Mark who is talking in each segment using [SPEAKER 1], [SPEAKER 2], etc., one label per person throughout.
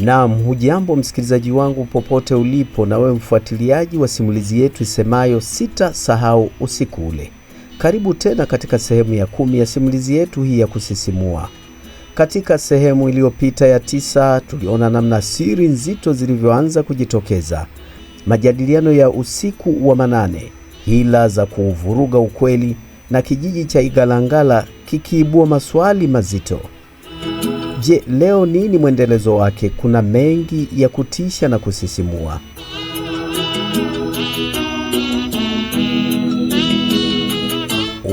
[SPEAKER 1] Naam, hujambo msikilizaji wangu popote ulipo, na wewe mfuatiliaji wa simulizi yetu isemayo sita sahau usiku ule. Karibu tena katika sehemu ya kumi ya simulizi yetu hii ya kusisimua. Katika sehemu iliyopita ya tisa, tuliona namna siri nzito zilivyoanza kujitokeza, majadiliano ya usiku wa manane hila za kuuvuruga ukweli na kijiji cha Igalangala kikiibua maswali mazito. Je, leo nini mwendelezo wake? Kuna mengi ya kutisha na kusisimua.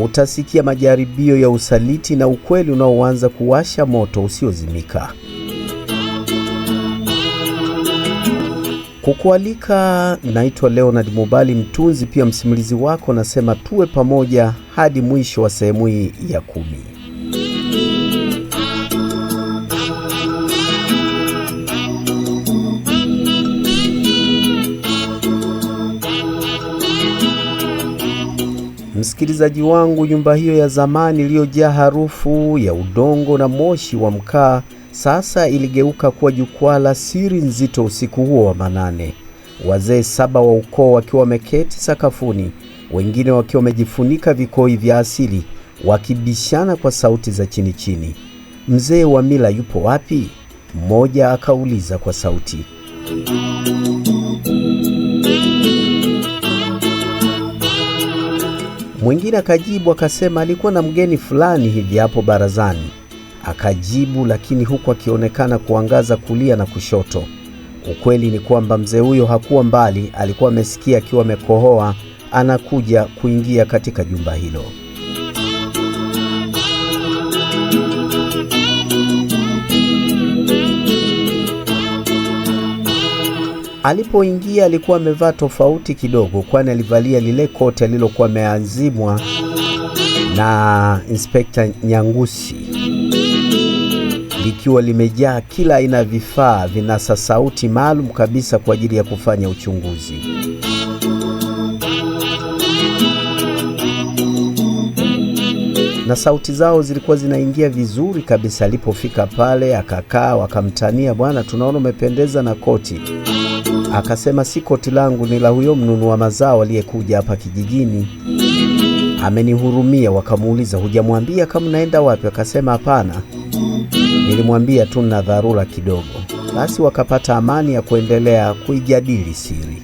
[SPEAKER 1] Utasikia majaribio ya usaliti na ukweli unaoanza kuwasha moto usiozimika. kukualika. Naitwa Leonard Mubali, mtunzi pia msimulizi wako. Nasema tuwe pamoja hadi mwisho wa sehemu hii ya kumi. Msikilizaji wangu, nyumba hiyo ya zamani iliyojaa harufu ya udongo na moshi wa mkaa sasa iligeuka kuwa jukwaa la siri nzito. Usiku huo wa manane, wazee saba wa ukoo wakiwa wameketi sakafuni, wengine wakiwa wamejifunika vikoi vya asili, wakibishana kwa sauti za chini chini. Mzee wa mila yupo wapi? Mmoja akauliza kwa sauti. Mwingine akajibu akasema, alikuwa na mgeni fulani hivi hapo barazani. Akajibu lakini huku akionekana kuangaza kulia na kushoto. Ukweli ni kwamba mzee huyo hakuwa mbali, alikuwa amesikia akiwa amekohoa anakuja kuingia katika jumba hilo. Alipoingia alikuwa amevaa tofauti kidogo, kwani alivalia lile koti alilokuwa ameazimwa na Inspekta Nyangusi likiwa limejaa kila aina ya vifaa vinasa sauti maalum kabisa kwa ajili ya kufanya uchunguzi. Na sauti zao zilikuwa zinaingia vizuri kabisa. Alipofika pale akakaa, wakamtania, bwana, tunaona umependeza na koti. Akasema, si koti langu, ni la huyo mnunua mazao aliyekuja hapa kijijini amenihurumia. Wakamuuliza, hujamwambia kama naenda wapi? Akasema, hapana. Nilimwambia tu na dharura kidogo, basi wakapata amani ya kuendelea kuijadili siri.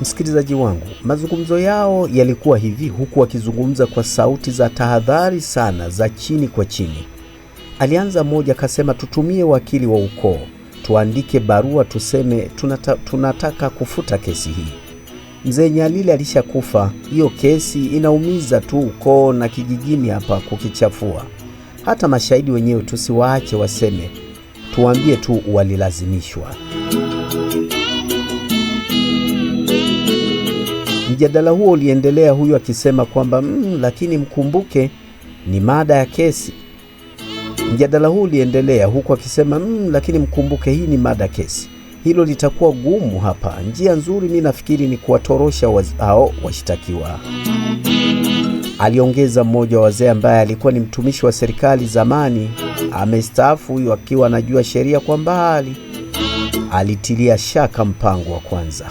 [SPEAKER 1] Msikilizaji wangu, mazungumzo yao yalikuwa hivi, huku wakizungumza kwa sauti za tahadhari sana za chini kwa chini. Alianza mmoja akasema, tutumie wakili wa ukoo tuandike barua tuseme tunata, tunataka kufuta kesi hii. Mzee nyalili alishakufa, hiyo kesi inaumiza tu ukoo na kijijini hapa kukichafua. Hata mashahidi wenyewe tusiwaache waseme, tuwaambie tu walilazimishwa. Mjadala huo uliendelea, huyu akisema kwamba mm, lakini mkumbuke ni mada ya kesi Mjadala huu uliendelea huku akisema mmm, lakini mkumbuke hii ni mada kesi, hilo litakuwa gumu hapa. Njia nzuri mi nafikiri ni kuwatorosha hao washtakiwa, aliongeza mmoja wa wazee ambaye alikuwa ni mtumishi wa serikali zamani, amestaafu huyu akiwa anajua sheria kwa mbali. Alitilia shaka mpango wa kwanza.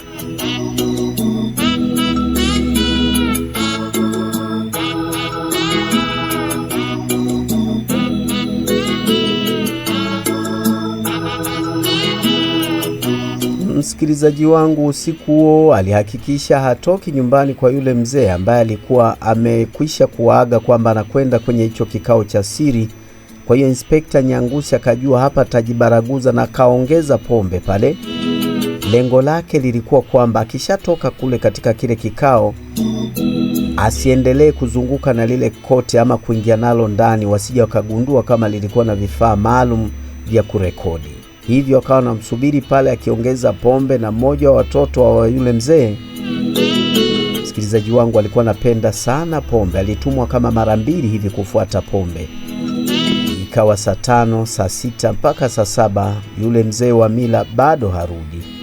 [SPEAKER 1] msikilizaji wangu usiku huo alihakikisha hatoki nyumbani kwa yule mzee ambaye alikuwa amekwisha kuwaaga kwamba anakwenda kwenye hicho kikao cha siri. Kwa hiyo Inspekta Nyangusi akajua hapa atajibaraguza na akaongeza pombe pale. Lengo lake lilikuwa kwamba akishatoka kule katika kile kikao asiendelee kuzunguka na lile kote ama kuingia nalo ndani, wasija wakagundua kama lilikuwa na vifaa maalum vya kurekodi. Hivyo akawa namsubiri pale akiongeza pombe, na mmoja wa watoto wa yule mzee, msikilizaji wangu, alikuwa anapenda sana pombe, alitumwa kama mara mbili hivi kufuata pombe. Ikawa saa tano, saa sita mpaka saa saba, yule mzee wa mila bado harudi.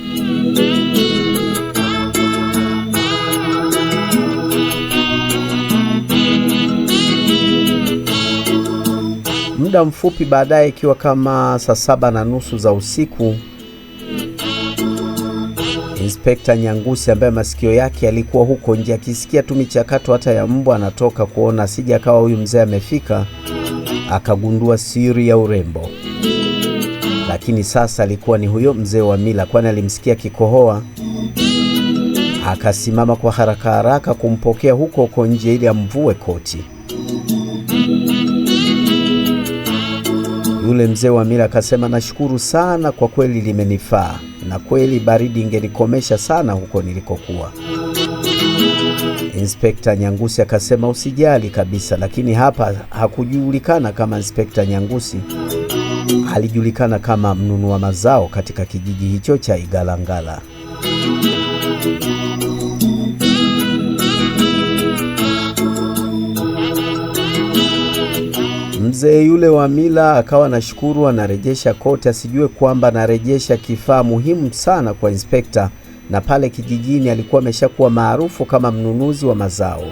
[SPEAKER 1] muda mfupi baadaye, ikiwa kama saa saba na nusu za usiku, Inspekta Nyangusi ambaye masikio yake yalikuwa huko nje, akisikia tu michakato hata ya mbwa, anatoka kuona sija akawa huyu mzee amefika akagundua siri ya urembo. Lakini sasa alikuwa ni huyo mzee wa mila, kwani alimsikia kikohoa. Akasimama kwa haraka haraka kumpokea huko huko nje ili amvue koti. Yule mzee wa mila akasema, nashukuru sana kwa kweli, limenifaa na kweli baridi ingenikomesha sana huko nilikokuwa. Inspekta Nyangusi akasema, usijali kabisa, lakini hapa hakujulikana kama Inspekta Nyangusi, alijulikana kama mnunua mazao katika kijiji hicho cha Igalangala. Mzee yule wa mila akawa anashukuru, anarejesha kote, asijue kwamba anarejesha kifaa muhimu sana kwa inspekta, na pale kijijini alikuwa ameshakuwa maarufu kama mnunuzi wa mazao.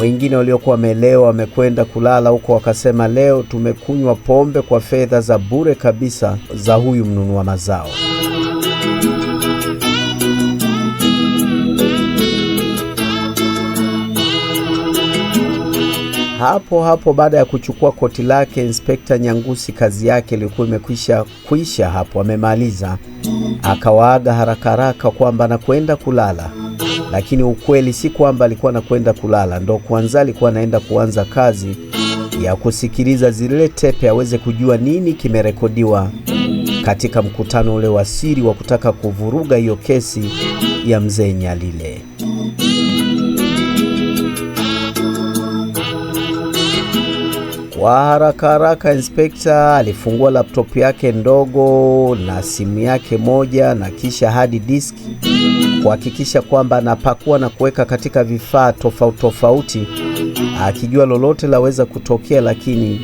[SPEAKER 1] Wengine waliokuwa wamelewa wamekwenda kulala huko, wakasema leo tumekunywa pombe kwa fedha za bure kabisa za huyu mnunua mazao. Hapo hapo baada ya kuchukua koti lake, Inspekta Nyangusi kazi yake ilikuwa imekwisha kuisha, hapo amemaliza. Akawaaga haraka haraka kwamba anakwenda kulala, lakini ukweli si kwamba alikuwa anakwenda kulala, ndo kwanza alikuwa anaenda kuanza kazi ya kusikiliza zile tepe aweze kujua nini kimerekodiwa katika mkutano ule wa siri wa kutaka kuvuruga hiyo kesi ya mzee Nyalile. Kwa haraka haraka, inspekta alifungua laptop yake ndogo na simu yake moja na kisha hadi diski kuhakikisha kwamba anapakua na kuweka katika vifaa tofauti tofauti, akijua lolote laweza kutokea, lakini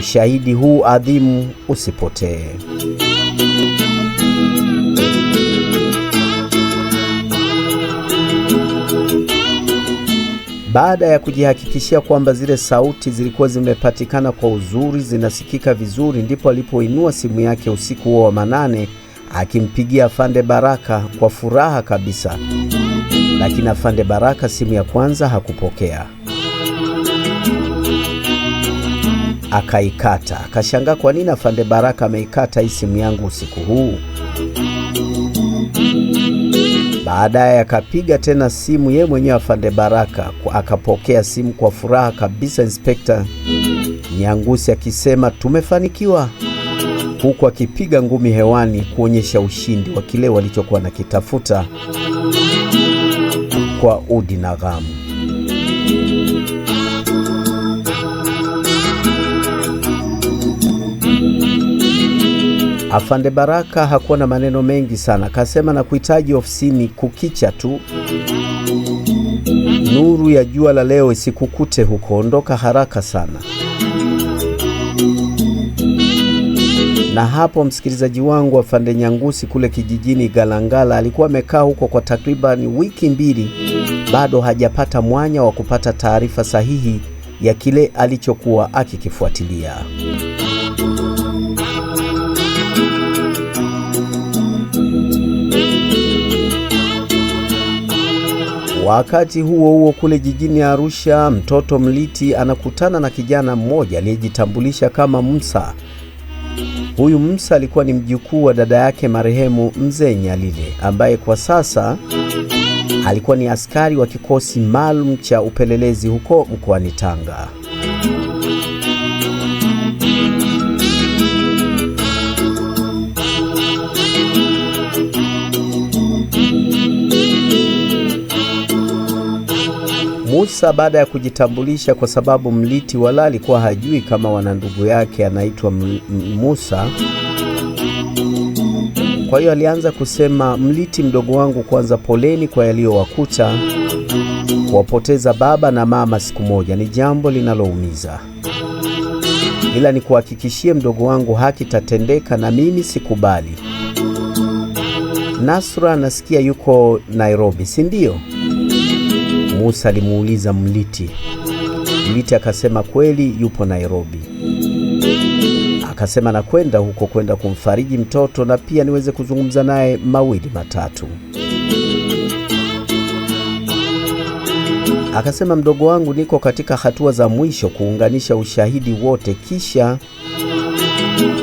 [SPEAKER 1] ushahidi huu adhimu usipotee. Baada ya kujihakikishia kwamba zile sauti zilikuwa zimepatikana kwa uzuri, zinasikika vizuri, ndipo alipoinua simu yake usiku huo wa manane akimpigia Afande Baraka kwa furaha kabisa, lakini Afande Baraka simu ya kwanza hakupokea, akaikata. Akashangaa, kwa nini Afande Baraka ameikata hii simu yangu usiku huu? Baadaye akapiga tena simu ye mwenyewe afande Baraka kwa, akapokea simu kwa furaha kabisa Inspekta Nyangusi akisema tumefanikiwa, huku akipiga ngumi hewani kuonyesha ushindi wa kile walichokuwa nakitafuta kwa udi na ghamu. Afande Baraka hakuwa na maneno mengi sana, kasema na kuhitaji ofisini kukicha tu. Nuru ya jua la leo isikukute huko, ondoka haraka sana. Na hapo, msikilizaji wangu, Afande Nyangusi kule kijijini Galangala alikuwa amekaa huko kwa takribani wiki mbili, bado hajapata mwanya wa kupata taarifa sahihi ya kile alichokuwa akikifuatilia. Wakati huo huo kule jijini Arusha, mtoto Mliti anakutana na kijana mmoja aliyejitambulisha kama Musa. Huyu Musa alikuwa ni mjukuu wa dada yake marehemu Mzee Nyalile ambaye kwa sasa alikuwa ni askari wa kikosi maalum cha upelelezi huko mkoani Tanga. Musa baada ya kujitambulisha, kwa sababu Mliti wala alikuwa hajui kama wana ndugu yake anaitwa Musa. Kwa hiyo alianza kusema, Mliti mdogo wangu, kwanza poleni kwa yaliyowakuta. Kuwapoteza baba na mama siku moja ni jambo linaloumiza, ila nikuhakikishie mdogo wangu, haki tatendeka, na mimi sikubali. Nasra anasikia yuko Nairobi, si ndio? Musa alimuuliza Mliti. Mliti akasema kweli yupo Nairobi. Akasema nakwenda huko kwenda kumfariji mtoto na pia niweze kuzungumza naye mawili matatu. Akasema mdogo wangu, niko katika hatua za mwisho kuunganisha ushahidi wote. Kisha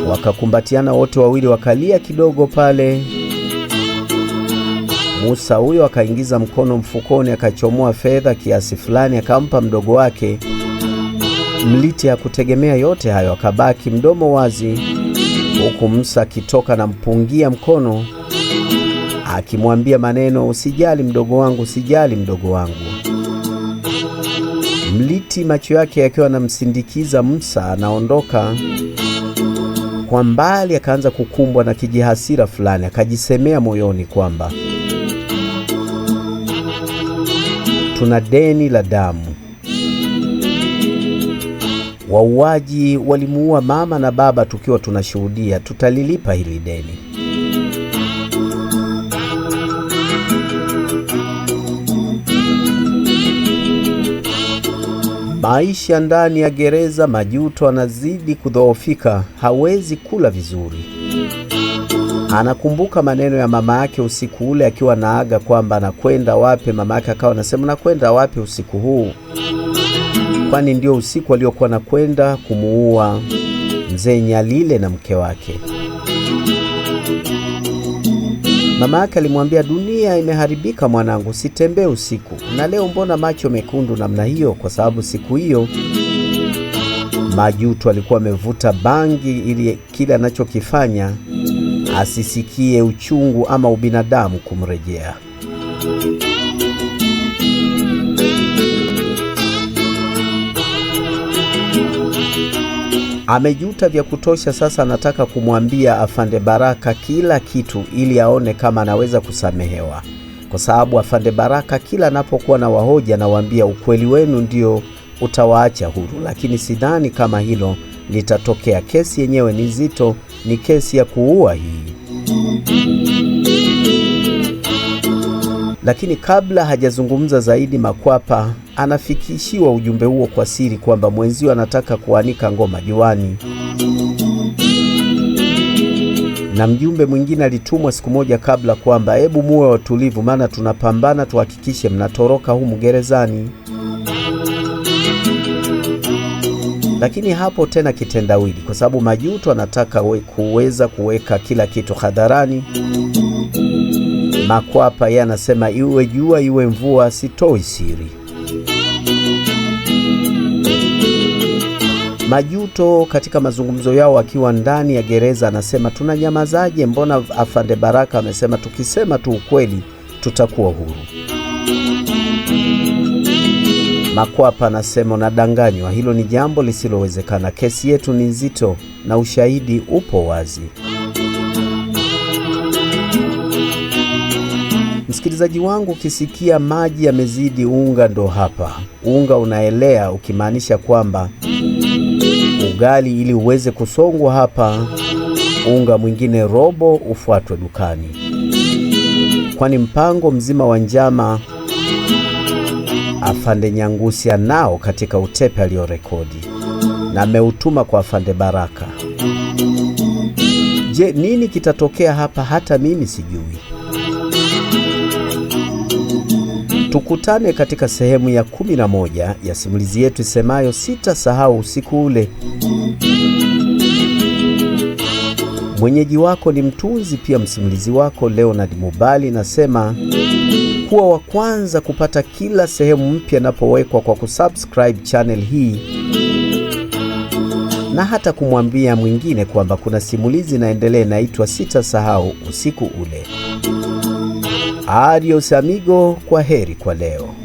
[SPEAKER 1] wakakumbatiana wote wawili, wakalia kidogo pale Musa huyo akaingiza mkono mfukoni akachomoa fedha kiasi fulani akampa mdogo wake. Mliti hakutegemea yote hayo, akabaki mdomo wazi, huku Musa akitoka na mpungia mkono akimwambia maneno, usijali mdogo wangu, usijali mdogo wangu. Mliti macho yake yakiwa anamsindikiza Musa anaondoka kwa mbali, akaanza kukumbwa na kijihasira fulani, akajisemea moyoni kwamba tuna deni la damu. Wauaji walimuua mama na baba tukiwa tunashuhudia. Tutalilipa hili deni. Maisha ndani ya gereza, Majuto anazidi kudhoofika, hawezi kula vizuri. Anakumbuka maneno ya mama yake usiku ule akiwa naaga kwamba anakwenda wapi. Mama yake akawa anasema nakwenda wapi usiku huu, kwani ndio usiku aliokuwa nakwenda kumuua mzee Nyalile na mke wake. Mama yake alimwambia, dunia imeharibika mwanangu, sitembee usiku, na leo mbona macho mekundu namna hiyo? Kwa sababu siku hiyo Majuto alikuwa amevuta bangi ili kile anachokifanya asisikie uchungu ama ubinadamu kumrejea. Amejuta vya kutosha. Sasa anataka kumwambia Afande Baraka kila kitu ili aone kama anaweza kusamehewa, kwa sababu Afande Baraka kila anapokuwa na wahoja anawaambia, ukweli wenu ndio utawaacha huru, lakini sidhani kama hilo litatokea. Kesi yenyewe ni zito, ni kesi ya kuua hii. Lakini kabla hajazungumza zaidi, Makwapa anafikishiwa ujumbe huo kwa siri kwamba mwenzio anataka kuanika ngoma juani. Na mjumbe mwingine alitumwa siku moja kabla kwamba hebu muwe watulivu, maana tunapambana tuhakikishe mnatoroka humu gerezani. Mm. Lakini hapo tena kitendawili, kwa sababu Majuto anataka kuweza kuweka kila kitu hadharani. Makwapa yeye anasema iwe jua iwe mvua, sitoi siri. Majuto katika mazungumzo yao akiwa ndani ya gereza anasema tunanyamazaje? Mbona afande Baraka amesema tukisema tu ukweli tutakuwa huru. Makwapa anasema unadanganywa, hilo ni jambo lisilowezekana. Kesi yetu ni nzito na ushahidi upo wazi. Msikilizaji wangu, ukisikia maji yamezidi unga, ndo hapa unga unaelea, ukimaanisha kwamba ugali ili uweze kusongwa hapa, unga mwingine robo ufuatwe dukani, kwani mpango mzima wa njama Afande Nyangusi anao katika utepe aliorekodi na ameutuma kwa Afande Baraka. Je, nini kitatokea hapa? Hata mimi sijui. Tukutane katika sehemu ya kumi na moja ya simulizi yetu isemayo Sitasahau Usiku Ule. Mwenyeji wako ni mtunzi pia msimulizi wako Leonard Mubali. Nasema kuwa wa kwanza kupata kila sehemu mpya inapowekwa kwa kusubscribe channel hii na hata kumwambia mwingine kwamba kuna simulizi inaendelea inaitwa Sitasahau Usiku Ule. Adios amigo, kwa heri kwa leo.